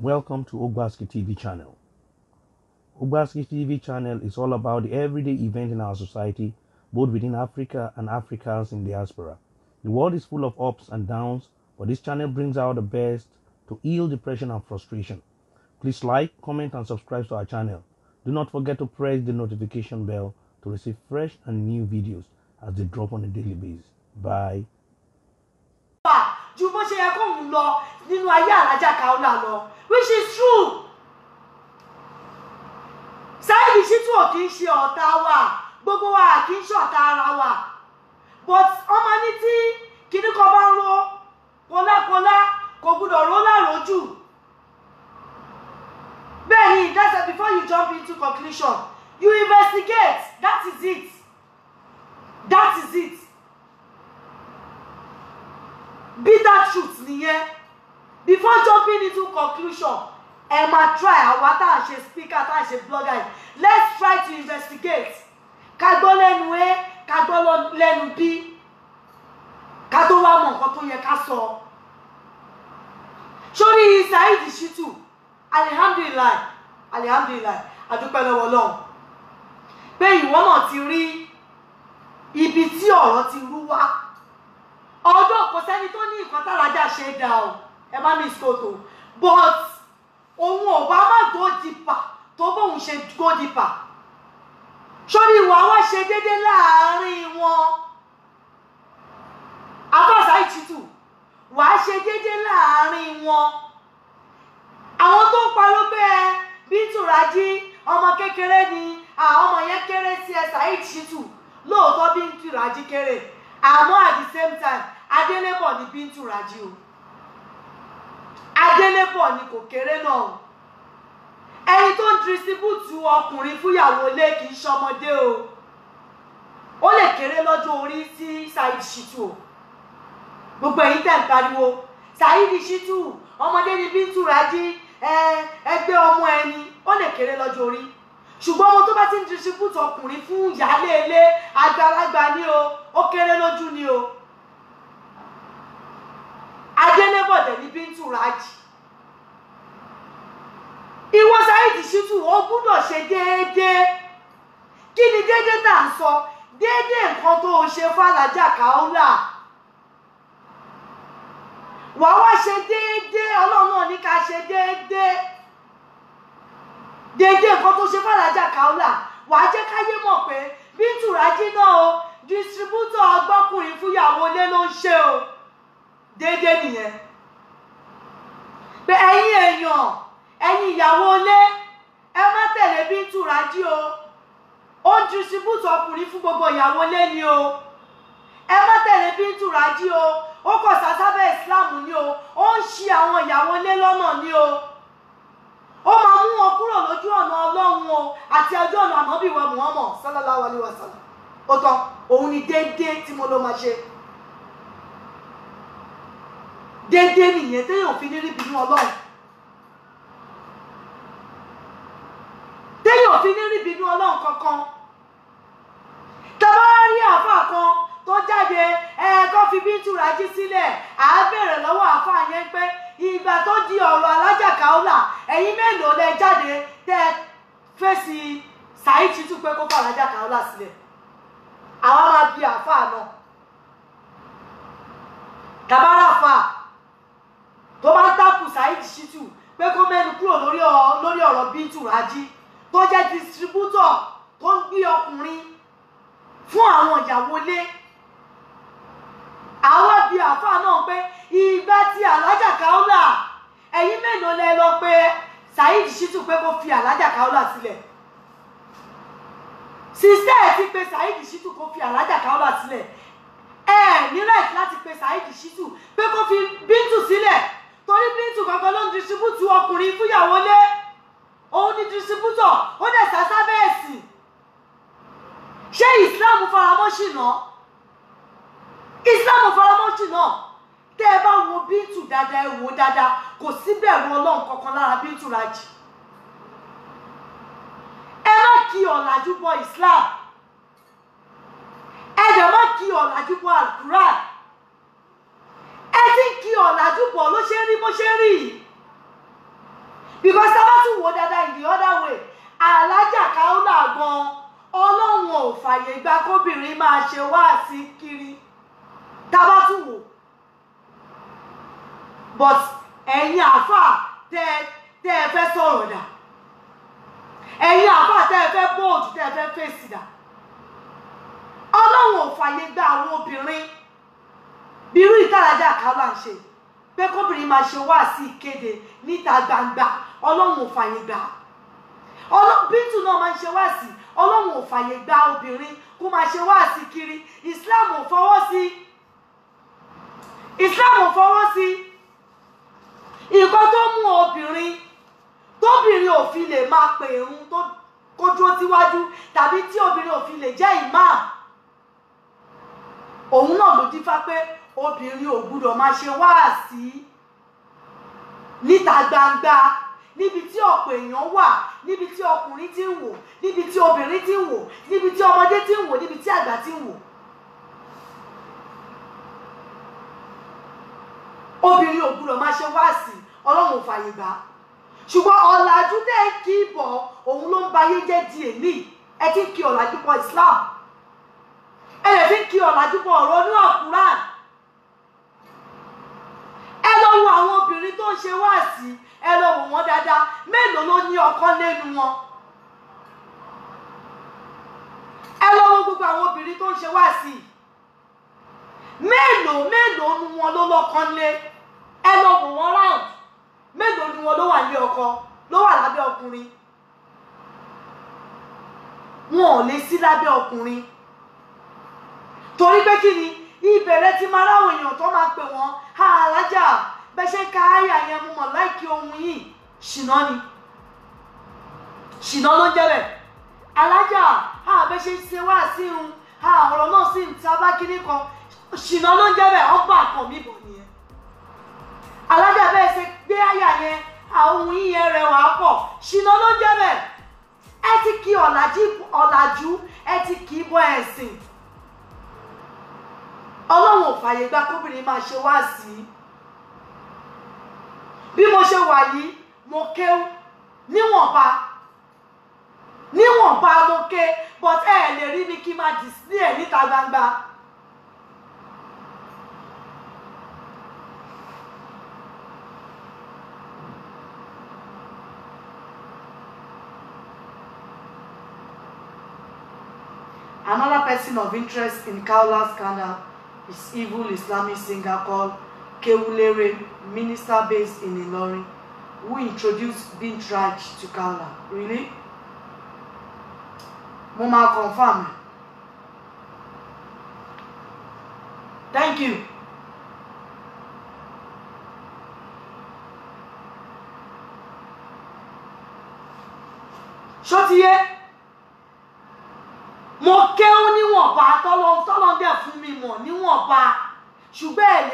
Welcome to Ogbaski TV channel. Ogbaski TV channel is all about the everyday event in our society, both within Africa and Africans in diaspora. The world is full of ups and downs, but this channel brings out the best to heal depression and frustration. Please like, comment, and subscribe to our channel. Do not forget to press the notification bell to receive fresh and new videos as they drop on a daily basis. Bye. lọ which is true Saheed Shittu ò kì í ṣe ọ̀tá wa gbogbo wa kì í ṣe ọ̀tá ara wa but ọmọ ní tí kinní kan bá ń ro kólákólá kò gbúdọ̀ ró láròjù bẹ́ẹ̀ ni that's it before you jump into conclusion you investigate that is it that is it bitter truth nìyẹn before jumping into conclusion ẹ máa try àwa tá à ń ṣe speaker tá à ṣe blogger let's try to investigate ká gbọ́ lẹ́nu a ká gbọ́ lẹ́nu b ká tó wá mọ nǹkan tó yẹ ká sọ sórí Saheed Shittu alihamdulilayi alihamdulilayi adúpẹ́ lọ́wọ́ Ọlọ́run pé ìwọ náà ti rí ibi tí ọ̀rọ̀ ti rú wá ọdún kò sẹ́ni tó ní nǹkan tárajà ṣe dá o ẹ má miss kòtò but òun ò bá má go deeper tó bóun ṣe go deeper sórí ìwà wa ṣe déédé láàárín wọn àbáṣá ìtìtù wàá ṣe déédé láàárín wọn àwọn tó ń parọ́ bẹ́ẹ̀ bí tùràjí ọmọ kékeré ni ọmọ yẹn kéré sí ẹ Saheed Shittu lóòótọ́ bí tùràjí kéré àmọ́ at the same time adélébọ̀ ni bí tùràjí o adélébọ̀ ni kò kéré náà o ẹni tó ń dirisibútù ọkùnrin fúyàwó lé kì í ṣọmọdé o ó lè kéré lọ́jọ́ orí sí Saheed Shittu o gbogbo ẹ̀yin tẹ̀ ń pariwo Saheed Shittu ọmọdé ni Bintu Raji ẹgbẹ́ ọmọ ẹni ó lè kéré lọ́jọ́ orí ṣùgbọ́n ọmọ tó bá ti ń dirisibútù ọkùnrin fún ìyáálé ilé àgbàlagbà ni o ó kéré lójú ni o adélébọ̀ dẹ̀ ni Bintu Raji ìwọ Saheed Shittu ó gbúdọ̀ ṣe déédéé kí ni déédéé tá à ń sọ déédéé nǹkan tó o ṣe fàlàjà Kaola wàá wá ṣe déédéé ọlọ́run náà ní ká ṣe déédéé déédéé nǹkan tó ṣe fàlàjà Kaola wàá jẹ́ káyé mọ̀ pé Bintu Raji náà o distributor ọgbọ́kùnrin fúyàwó lé ló ń ṣe o déédéé nìyẹn pé ẹ̀yin èèyàn ẹ̀yin ìyàwó ilé ẹ má tẹ̀lé Bíntù Rájí o ó ń ju ṣubúùtù ọkùnrin fún gbogbo ìyàwó ilé ni o ẹ má tẹ̀lé Bíntù Rájí o ó kọ̀ sásábẹ́ Islam ni o ó ń ṣi àwọn ìyàwó ilé lọ́nà ni o ó máa mú wọn kúrò lójú ọ̀nà ọlọ́run o àti ọjọ́ ọ̀nà ànábì wa Muhammad sallallahu alayhi wa sallam ó tán òun ni déédéé tí mo ló máa ṣe déédéé nìyẹn téèyàn fi ní rí bínú ọlọ́run téèyàn ò fi ní rí ọlọ́run kankan tọ́ba rí àáfàá kan tó jáde ẹ kó fi bíntù rájí sílẹ̀ á bèrè lọ́wọ́ àáfàá yẹn pé ìgbà tó di ọ̀rọ̀ alájà Kaola ẹ̀yin mélòó lẹ jáde tẹ́ fèsì Saheed Shittu pé kó fà alájà sílẹ̀ àwa máa bi àáfàá náà tàbáràfà tó bá ń takù Saheed pé kó mẹ́nu kúrò lórí ọ̀rọ̀ bíntù rájí tó jẹ́ distributor tó ń gbé ọkùnrin fún àwọn ìyàwó ilé àwọn bíi àáfàá náà pé ìgbà tí alájà Kaola ẹ̀yin mélòó lẹ lọ pé Saheed Shittu pé kó fi alájà Kaola sílẹ̀ sísẹ́ ẹ̀ ti pé Saheed Shittu kó fi alájà Kaola sílẹ̀ ẹ ní right láti pe Saheed Shittu pé kó fi Bintu sílẹ̀ torí Bintu gangan ló ń distribute ọkùnrin fúyàwó lé òun ni distributor ó dẹ̀ sá sábẹ́ ẹ̀sìn ṣé Islam faramọ́ ṣìnà Islam faramọ́ ṣìnà tẹ́ ẹ bá wo bíntù dáadáa ẹ wò dáadáa kò síbẹ̀rù ọlọ́run kankan lára bíntù rajì ẹ má kí ọ̀làjú bọ Islam ẹ dẹ̀ má kí ọ̀làjú bọ Al-Qur'an ẹ ti ń kí ọ̀làjú bọ ló ṣe rí bó ṣe rí yìí because tá a bá tún wò dáadáa in the other way alájà káúlà gan ọlọ́run ò fàyè gba kóbìnrin máa ṣe wáàsí kiri tá a bá tún wò but ẹ̀yin àáfàá tẹ́ tẹ́ ẹ fẹ́ sọ̀rọ̀ dà ẹ̀yin àáfàá tẹ́ ẹ fẹ́ bóòdù tẹ́ ẹ fẹ́ fèsì dà ọlọ́run ò fàyè gba àwọn obìnrin irú ìtàlájà káúlà ń ṣe yìí pé kóbìnrin máa ṣe wá sí ìkéde níta gbangba ọlọ́run ò fàyè gbà bíntu náà máa ń ṣe wá sí ọlọ́run ò fàyè gbà obìnrin kó máa ṣe wá sí kiri islam ò fọwọ́ sí islam ò fọwọ́ sí nǹkan tó mú obìnrin tóbìnrin ò fi lè máa pè ń kó dúró síwájú tàbí tí obìnrin ò fi lè jẹ́ ìmáà òun náà ló dífá pé obìnrin ò gbúdọ̀ máa ṣe wáàsí níta gbangba níbi tí ọ̀pọ̀ èèyàn wà níbi tí ọkùnrin ti ń wò níbi tí obìnrin ti ń wò níbi tí ọmọdé ti ń wò níbi tí àgbà ti ń wò. obìnrin ò gbúdọ̀ máa ṣe wáàsí ọlọ́run ò fàyè gbà ṣùgbọ́n ọ̀làjú dẹ̀ ń kí ibọ̀ òun ló ń ba ayé jẹ́ di èmi ẹ ti ń kí ọ̀làjú Islam ẹ lè fi ń kí ọ̀làjú ọ̀rọ̀ ní ọ̀pọ̀ tó ń ṣe wá sí ẹ lọ wò wọ́n dáadáa mélòó ló ní ọkọ lẹ́nu wọn. ẹ lọ wo gbogbo àwọn obìnrin tó ń ṣe wá sí mélòó mélòó nu wọn ló lọ́kàn lé ẹ lọ wò wọ́n round mélòó nu wọn ló wà ní ọkọ ló wà lábẹ́ ọkùnrin wọn ò lè sí lábẹ́ ọkùnrin torí pé kí ni ìbẹ̀rẹ̀ ti máa ráwọn èèyàn tó máa pè wọ́n alájà bẹ́sẹ̀ ka àyà yẹn mo mọ̀ láìkí ohun yìí ṣìnà ni ṣìnà ló ń jẹ́ bẹ̀ alájà a bẹ́sẹ̀ ṣe wá sí un a ọ̀rọ̀ náà sì ń ta bá kíní kan ṣìnà ló ń jẹ́ bẹ̀ ọgbà kan mi bọ̀ nìyẹn alájà bẹ́ẹ̀ ṣe gbé àyà yẹn àwọn yìí yẹn rẹwà pọ̀ ṣìnà ló ń ẹ ti kí ọ̀làjú ẹ ti kì í ẹ̀sìn ọlọ́run ò fàyè gbà kóbìnrin máa ṣe wá sí i bí mo ṣe wà yìí mo kéwú níwọ̀nba níwọ̀nba mo ké but ẹ lè rí mi kí n máa display ẹ̀ níta gbangba. Another person of interest in Kaola's scandal is evil Islamic singer called Kewulere, minister based in Ilorin, who introduced Bintraj to Kala. Really? Mo confirm. Thank you.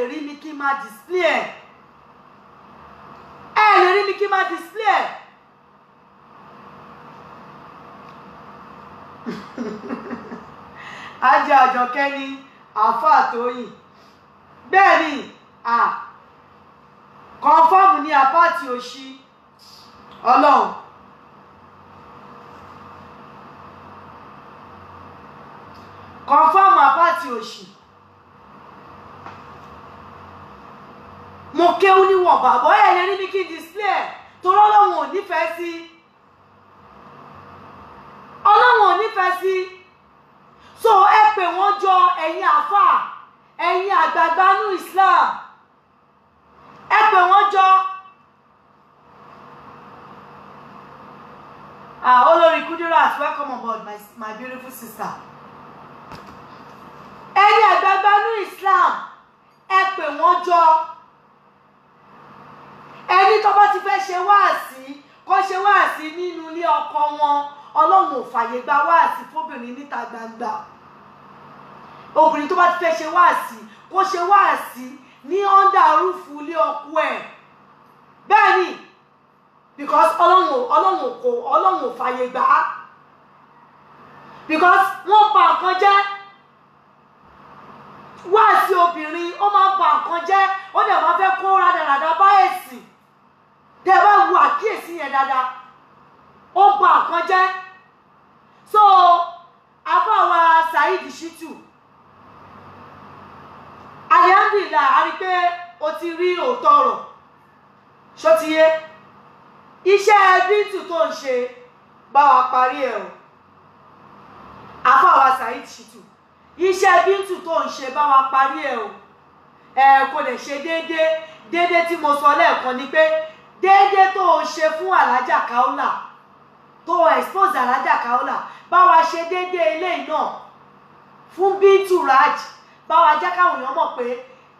lè rí mi kí n máa display ẹ̀ ẹ lè rí mi kí n máa display ẹ̀. ajé àjọkẹ́ ni àáfàá tóyìn bẹ́ẹ̀ ni à kọ́ńfọ́ọ̀mù ní apáàtì òṣì ọlọ́run kọ́ńfọ́ọ̀mù apáàtì òṣì. mo kéwú níwọ̀nba bọ́yá ẹ̀yẹ níbi kí n display ẹ̀ torí ọlọ́run ò sí ọlọ́run ò sí so ẹ pè wọ́n jọ ẹ̀yin àfà ẹ̀yin àgbààgbà nú Islam ẹ pè wọ́n jọ ah olórí Kudirat welcome aboard, my, my beautiful sister ẹ̀yin àgbààgbà nú Islam ẹ pè wọ́n jọ ẹni tó bá ti fẹ́ ṣe wáàsí kó ṣe wáàsí nínú ilé ọkọ wọn ọlọ́run ò fàyè gba wáàsí fóbìnrin níta gbangba obìnrin tó bá ti fẹ́ ṣe wáàsí kó ṣe wáàsí ní ọ́ndà rúfù ilé ọkọ ẹ̀ bẹ́ẹ̀ ni because ọlọ́run ọlọ́run kò ọlọ́run ò fàyè gbà á because wọ́n bà nǹkan jẹ́ wáàsí obìnrin ó máa bà nǹkan jẹ́ ó dẹ̀ máa fẹ́ kó rádaràda bá èsì tẹ bá wo àkíyèsí yẹn dáadáa ó ba nǹkan jẹ́ so afáwa Saheed Shittu alihamdulillah a rí i pé o ti rí òótọ́ ọ̀rọ̀ ṣótiyé iṣẹ́ bíntù tó ń ṣe bá wa parí ẹ̀ o afáwa Saheed Shittu iṣẹ́ bíntù tó ń ṣe bá wa parí ẹ̀ o ẹ̀ kò lè ṣe déédéé déédéé tí mo sọ lẹ́ẹ̀kan ni pé déédéé tó o ṣe fún alájà káólà tó o expose alájà kaola. báwa ṣe déédéé eléyìí náà fún bíntù rájì báwa jẹ́ káwọn èèyàn mọ̀ pé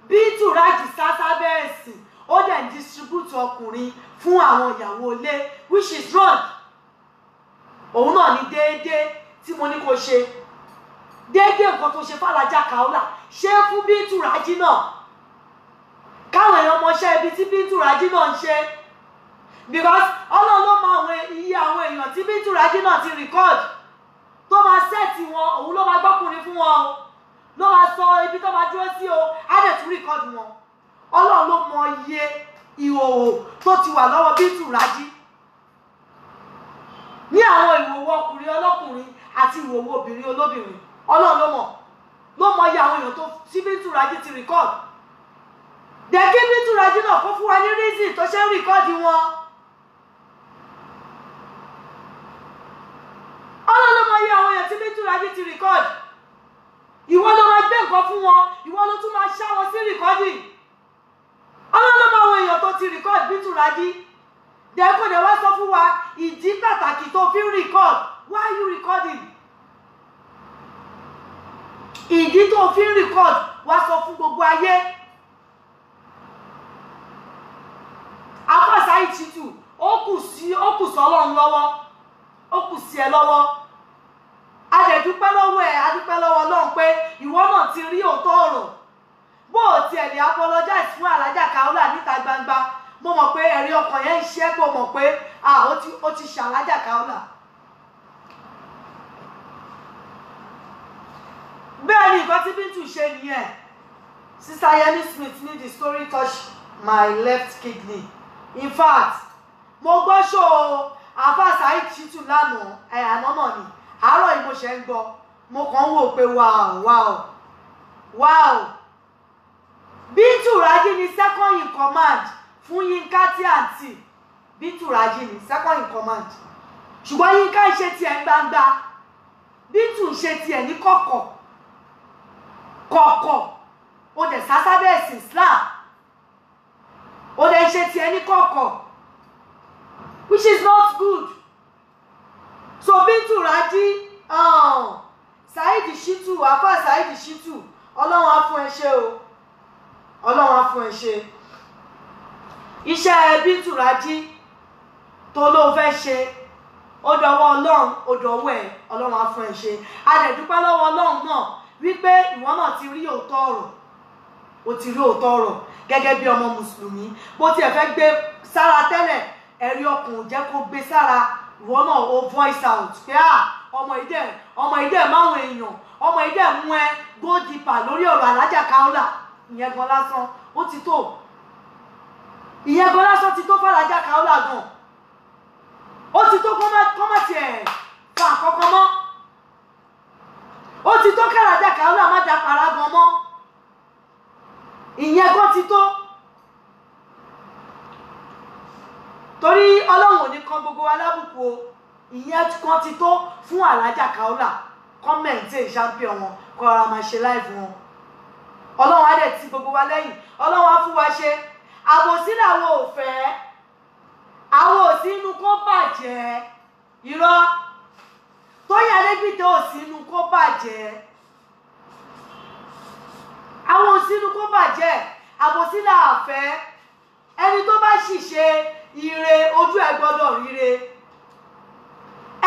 bíntù rájì sásá bẹ́ẹ̀ sì ó dẹ̀ ń distribute ọkùnrin fún àwọn ìyàwó ilé which is wrong òun náà ni déédéé tí mo ní kó ṣe déédéé nǹkan tó ṣe fàlàjà káólà ṣe fún bíntù rájì náà káwọn èèyàn mọṣẹ́ ibi tí bíntù rájì náà ń ṣe because ọlọ́run ló mọ àwọn iye àwọn èèyàn tí bíntu rají náà ti record tó máa sẹ́ẹ̀tì wọn òun ló máa gbọ́kùnrin fún wọn o ló máa sọ ibi tó máa dúró sí o á dẹ̀ tún record wọn ọlọ́run ló mọ iye ìhòòhò tó ti wà lọ́wọ́ bíntu rají ní àwọn ìwòwò ọkùnrin ọlọ́kùnrin àti ìwòwò obìnrin olóbìnrin ọlọ́run ló mọ̀ ló mọ iye àwọn èèyàn tó sí bíntu rají ti record dẹ̀kí bíntu rají náà kó fún wa ní reason tó ṣe ń record wọn. Túnrájí ti record ìwọ ló máa gbé nǹkan fún wọn ìwọ ló tún máa ṣá wọn sí recording ọlọ́run ló máa wo èèyàn tó ti record bí Túnrájí dẹ́kun dẹ̀ wá sọ fún wa ìdí pàtàkì tó fi ń record why you recording ìdí tó fi ń record wá sọ fún gbogbo ayé akọ́sà ìtìtù ó kù sí ó kù sọ́lọ́run lọ́wọ́ ó kù sí ẹ lọ́wọ́ dẹ̀ dúpẹ́ lọ́wọ́ ẹ̀ adúpẹ́ lọ́wọ́ ọlọ́run pé ìwọ náà ti rí òótọ́ ọ̀rọ̀ bó o tiẹ̀ ní apologize fún alájà Kaola níta gbangba mo mọ̀ pé ẹ̀rí ọkàn yẹn ń pé o mọ̀ pé ah ó ti ṣàlájà Kaola. bẹ́ẹ̀ ni nǹkan tí Bíntù ṣe nìyẹn sister Yemi Smith ní the story touch my left kidney in fact mo gbọ́ ṣó o àfa Saheed Shittu lánàá ẹ̀ àná náà ni àárọ̀ yìí mo ṣe ń gbọ́ mo kàn ń wò pé wáò wáò wáò Bintu Raji ni second in command fún Yinka tí àǹtí Bintu Raji ni second in command ṣùgbọ́n Yinka ń ṣe tiẹ̀ ń gbangba Bintu ń ṣe tiẹ̀ ní kọ̀kọ̀ kọ̀kọ̀ o dẹ̀ sásábẹ́ ẹ̀sìn Islam o dẹ̀ ṣe tiẹ̀ ní kọ̀kọ̀ which is not good sobintu rají um, saheed shitu afa saheed shitu ọlọ́run á fún ẹ ṣe o ọlọ́run á fún ẹ ṣe iṣẹ́ bintu rají tó ló fẹ́ ṣe ó dọwọ́ ọlọ́run ó dọwọ́ ẹ ọlọ́run á fún ẹ ṣe a dẹ̀ dúpẹ́ lọ́wọ́ ọlọ́run náà wípé ìwọ náà ti rí òótọ́ ọ̀rọ̀ o ti rí òótọ́ ọ̀rọ̀ gẹ́gẹ́ bí ọmọ mùsùlùmí bó tiẹ̀ fẹ́ gbé sára tẹ́lẹ̀ ẹ̀rí ọkùnrin jẹ́ kó gbé sára wọ́n mọ̀ o voice out pé à ah, ọmọ ìdẹ́ ọmọ ìdẹ́ máwọn èèyàn ọmọ ìdẹ́ mú ẹ go deeper lórí ọ̀rọ̀ alájà káúlà ìyẹn gan lásán ó ti tó ìyẹn gan lásán ti tó fàlájà káúlà gan ó ti tó kọ́mọ̀tì ẹ̀ fa àkọ́kọ́ mọ́ ó ti tó kàràjà káúlà má da para gan mọ́ ìyẹn gan ti tó. torí ọlọ́run ò ní kan gbogbo wa wo ìyẹn kan ti tó fún alájà Kaola kọ́mẹ̀ntì champion wọn kọ́ ara máa ṣe láìfún wọn ọlọ́run á dẹ̀ ti gbogbo wa lẹ́yìn ọlọ́run á fún wa ṣe àbòsí làwọn ò fẹ́ àwọn ò sí inú kó bàjẹ́ irọ́ Tóyìn Adégbìtẹ́ ò sí inú kó bàjẹ́ àwọn ò sí inú kó bàjẹ́ àbòsí là á fẹ́ ẹni tó bá ṣìṣe ire ojú ẹ̀ gbọ́dọ̀ ríre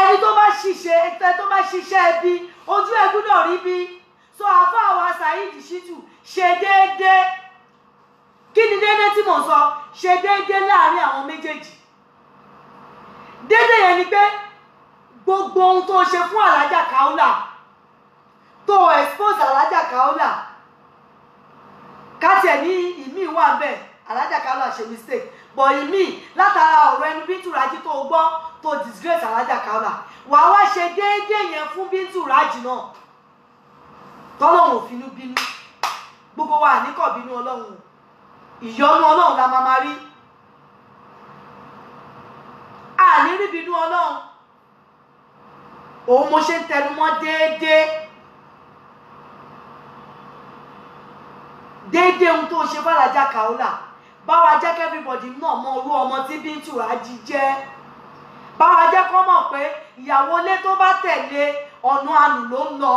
ẹni tó bá ṣiṣẹ́ ẹni tó bá ṣiṣẹ́ ẹbí ojú ẹ gbúdọ̀ rí bí so àfọ àwa Saheed Shittu ṣe déédéé kí ni déédéé tí mò ń sọ ṣe déédéé láàrin àwọn méjèèjì déédéé yẹn ni pé gbogbo ohun tó ṣe fún alájà Kaola tó expose alájà Kaola ká tiẹ̀ ní ìmí wà bẹ́ẹ̀ alájà kálọ̀ ṣe mistake but ìmí látara ọ̀rọ̀ ẹnu bíntù rájí tó gbọ́ tó disgrace alájà kálọ̀ wà á wá ṣe déédéé yẹn fún bíntù rájí náà tọ́lọ́hún òfinú bínú gbogbo wa àníkọ̀ bínú ọlọ́hún ìyọnu ọlọ́hún la máa máa rí àní rí bínú ọlọ́hún òun mo ṣe ń tẹnumọ́ déédéé. déédéé ohun tó ṣe fàlàjà kàólà báwa jẹ́ everybody náà mọ orú ọmọ tí bíntù rájí jẹ́ báwa jẹ́ kọ́ mọ̀ pé ìyàwó ilé tó bá tẹ̀lé ọ̀nà àlù ló ń lọ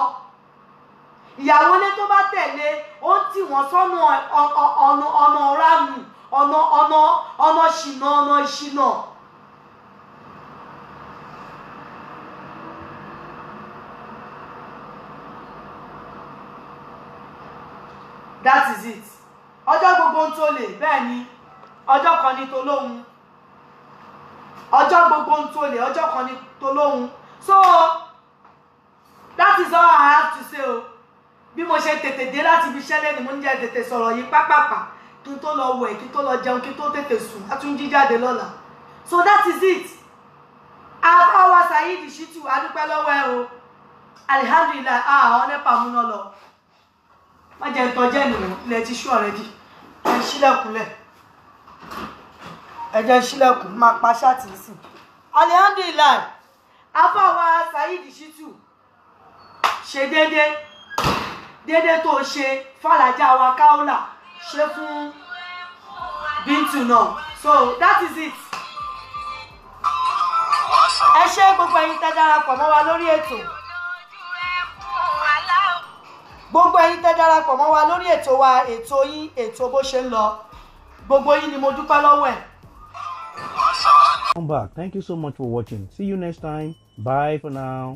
ìyàwó ilé tó bá tẹ̀lé ó ń tì wọ́n sọ́nà ọ̀nà ọ̀rá nù ọ̀nà ọ̀nà ọ̀nà ṣìnà ọ̀nà ìṣìnà. tóun tó lè bẹ́ẹ̀ ni ọjọ́ kan ní tolóhun ọjọ́ gbogbo ń tó lè ọjọ́ kan ní tolóhun so that is all I have to say o bí mo ṣe tètè dé láti ibi iṣẹ́ lẹ́nu mo ń jẹ́ tètè sọ̀rọ̀ yìí pápápá kí n tó lọ wẹ̀ kí n tó lọ jẹun kí n tó tètè sùn a tún jí jáde lọ́la so that is it àfọwọ́ Saheed Shittu adúpẹ́ lọ́wọ́ ẹ o alihamdulilayi ah ọ̀nẹ́pàmúná lọ má jẹ́ ń tọ́jẹ́ nìyẹn ilẹ̀ ti ṣú ọ̀rẹ́dì ẹ ṣílẹ̀kùnlẹ̀ máa pa ṣáàtì nísìn alihamdulilayi afáwa saheed shitu ṣe déédé déédé tó ṣe fàlàjà wa káólà ṣe fún bíntu náà so that is it ẹ ṣe gbogbo ẹ̀yin tẹ́ darapọ̀ mọ́ wa lórí ètò gbogbo ẹ̀yin tẹ́ darapọ̀ mọ́ wa lórí ètò wa ètò yín ètò bó ṣe ń lọ gbogbo yín ni mo dúpẹ́ lọ́wọ́ ẹ̀. Come back. Thank you so much for watching. See you next time. Bye for now.